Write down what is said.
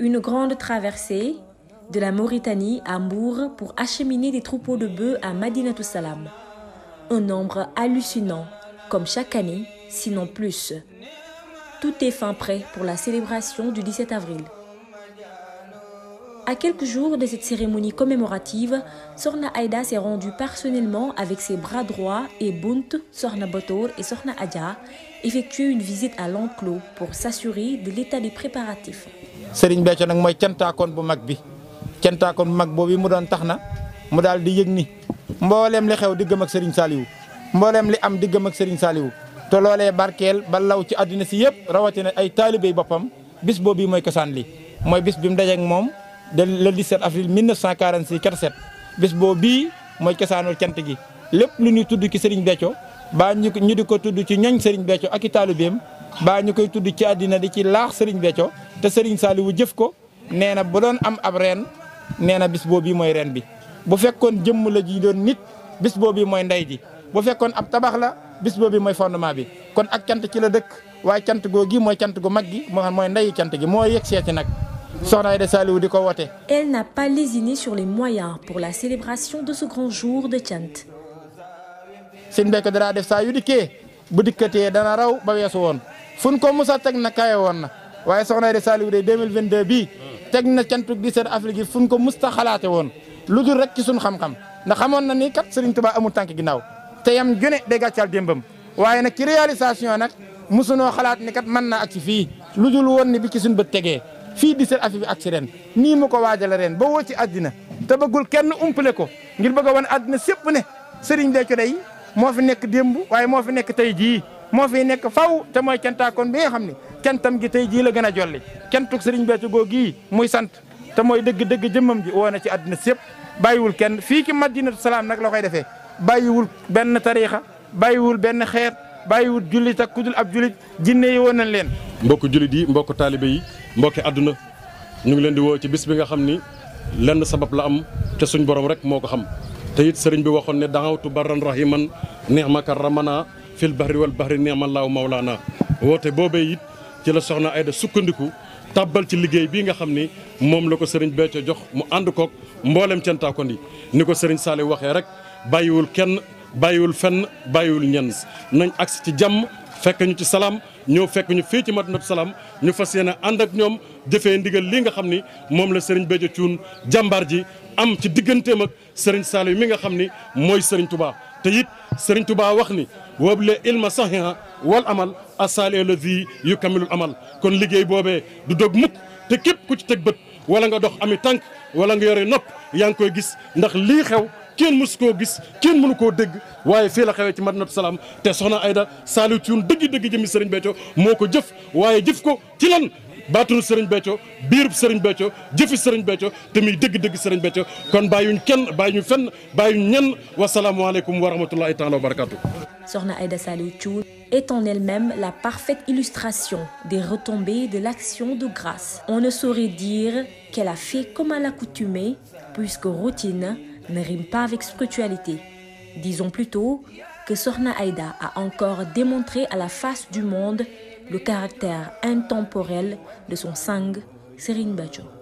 une grande traversée de la Mauritanie à Mour pour acheminer des troupeaux de bœufs à Madinatou Salam. Un nombre hallucinant, comme chaque année, sinon plus. Tout est fin prêt pour la célébration du 17 avril. À quelques jours de cette cérémonie commémorative, Sorna Aïda s'est rendue personnellement avec ses bras droits et Bunt, Sorna Botor et Sorna Adja effectuent une visite à l'enclos pour s'assurer de l'état des préparatifs. Serigne nak nang cianta kon bu mag bi kon bu mag bobu mu don taxna mu dal di yegni sering saliu, li xew digam ak Serigne saliw mbollem li am digam ak Serigne saliw to lolé barkel ba law ci àddina si rawati na ay talibé bopam bis bobu moy kassane li moy bis bimda dajé ak mom de le 17 avril 1946 47 bis bobu moy mooy cosaanul cant gi lepp lu ñu tuddu ci Serigne becc ba ñu ñu diko tuddu ci ñoñ Serigne becc ak i ba ñu ci di ci laax Serigne becc te Serigne Saliou jëf ko nee bu doon am ab reen nee bis boobu moy reen bi bu fekkon jëm la ji doon nit bis boobu moy nday ji bu fekkon ab tabax la bis boobu moy fondement bi kon ak tiant ci la dekk way tiant goo gi mooy cant gu maggi gi moo xam mooy gi moy yegg seeti nag Soxna Aïda Saliou di ko woote. Elle n'a pas lésiné sur les moyens pour la célébration de ce grand jour de cant. sëñ Mbacke danaa def saa yu dikkee bu dikkatee dana raw ba weesu woon fu ko musa teg na kaye woon na. waaye soxna Aida Saliou de 2022 bii teg na cantuk 17 avril gi fu ñu ko musta xalaate woon lu dul rek ci suñu xam-xam ndax xamoon na ni kat Serigne Touba amul tànk ginnaaw te yam jone day gàccaal démbam waaye nag ci réalisation nag mosunoo xalaat ni kat mën naa ak fii lu dul woon ni bi ci suñu bët tegee fii 17 avril bi ak si ren nii mu ko waajale reen ba woo ci àddina te bëggul kenn umpale ko ngir bëgg a wan àddina sépp ne Serigne Béthio day moo fi nekk démb waaye moo fi nekk tey jii moo fi nekk faw te mooy cantaakoon bi nga xam ne kenn tam gi tey jii la gën a jolli cantuk sëriñ Béthio googu muy sant te mooy dëgg-dëgg jëmmam ji woo na ci àdduna si yëpp bàyyiwul kenn fii ci madinatu salaam nag la koy defee bàyyiwul benn tariixa bàyyiwul benn xeet bàyyiwul jullit ak ku ab jullit jinne yi woon nañ leen. mbokku jullit yi mbokku taalibe yi mbokki àdduna ñu ngi leen di woo ci bis bi nga xam ni lenn sabab la am te suñ borom rek moo ko xam te it sëriñ bi waxoon ne daawtu barran rahiman neex ma kar ramana fil bahri wal bahri neex ma laaw mawlaana woote boobee it ci la soxna Aida sukkandiku tàbbal ci liggéey bii nga xam ni moom la ko sëriñ Béthio jox mu ànd koog mboolem cantaakondi ni ko sëriñ saali waxee rek bàyyiwul kenn bàyyiwul fenn bàyyiwul ñenn nañ agsi ci jàmm fekk ñu ci salaam ñëw fekk ñu fii ci mat Madinatu Salaam ñu fas yéene ànd ak ñoom jëfee ndigal lii nga xam ni moom la sëriñ Béthio Thioune jàmbaar ji am ci digganteem ak sëriñ saali mi nga xam ni mooy sëriñ Touba te it sëriñ tubaa wax ni wablee ilma amal assaali allazi yu kamilul amal kon liggéey boobee du dog mukk te képp ku ci teg bët wala nga dox ami tànk wala nga yore nopp yaa ngi koy gis ndax lii xew kenn mësu koo gis kenn mënu koo dégg waaye fii la xewee ci man Madinatu Salaam te soxna Ayda Saliou Thioune dëgg-dëgg jëmi sëriñ Béthio moo ko jëf waaye jëf ko ci lan baatunu Serigne Béthio biirub Serigne Béthio jëfi Serigne Béthio te muy dëgg-dëgg Serigne Béthio kon bàyyuñ kenn bàyyuñ fenn bàyyuñ ñenn wasalaamualeykum wa rahmatullahi taala wa barakaatu. soxna Ayda est en elle-même la parfaite illustration des retombées de l'action de grâce. On ne saurait dire qu'elle a fait comme à l'accoutumée, puisque routine ne rime pas avec spiritualité. Disons plutôt que Sorna Aïda a encore démontré à la face du monde le caractère intemporel de son sang Serine Bajo.